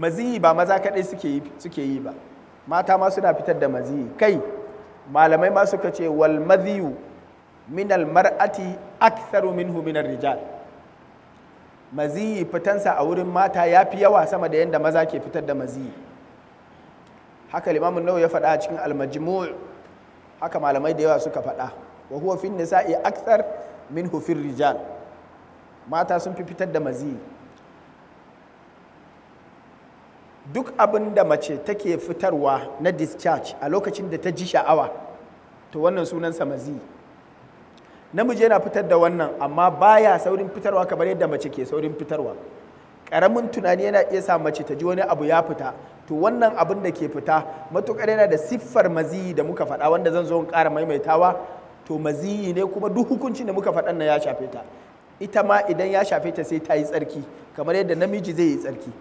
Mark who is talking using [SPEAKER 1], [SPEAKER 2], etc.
[SPEAKER 1] maziyi ba maza kaɗai suke yi ba mata ma suna fitar da maziyi kai malamai ma suka ce wal maziyu min al mar'ati aktharu minhu min rijal maziyi fitansa a wurin mata ya fi yawa sama da yadda maza ke fitar da maziyi haka limamin nau ya faɗa a cikin almajmu' haka malamai da yawa suka faɗa wa huwa fin nisa'i akthar min hufin rijal mata sun fi fitar da maziyi duk abin da mace take fitarwa na discharge a lokacin da ta ji sha'awa to wannan sunansa mazi namiji yana fitar da wannan amma baya saurin fitarwa kamar yadda mace ke saurin fitarwa ƙaramin tunani yana iya sa mace ta ji wani abu ya fita to wannan abin da ke fita matuƙar yana da siffar maziyi da muka faɗa wanda zan zo in ƙara maimaitawa to maziyi ne kuma duk hukuncin da muka faɗan na ya shafe ta ita ma idan ya shafe ta sai ta yi tsarki kamar yadda namiji zai yi tsarki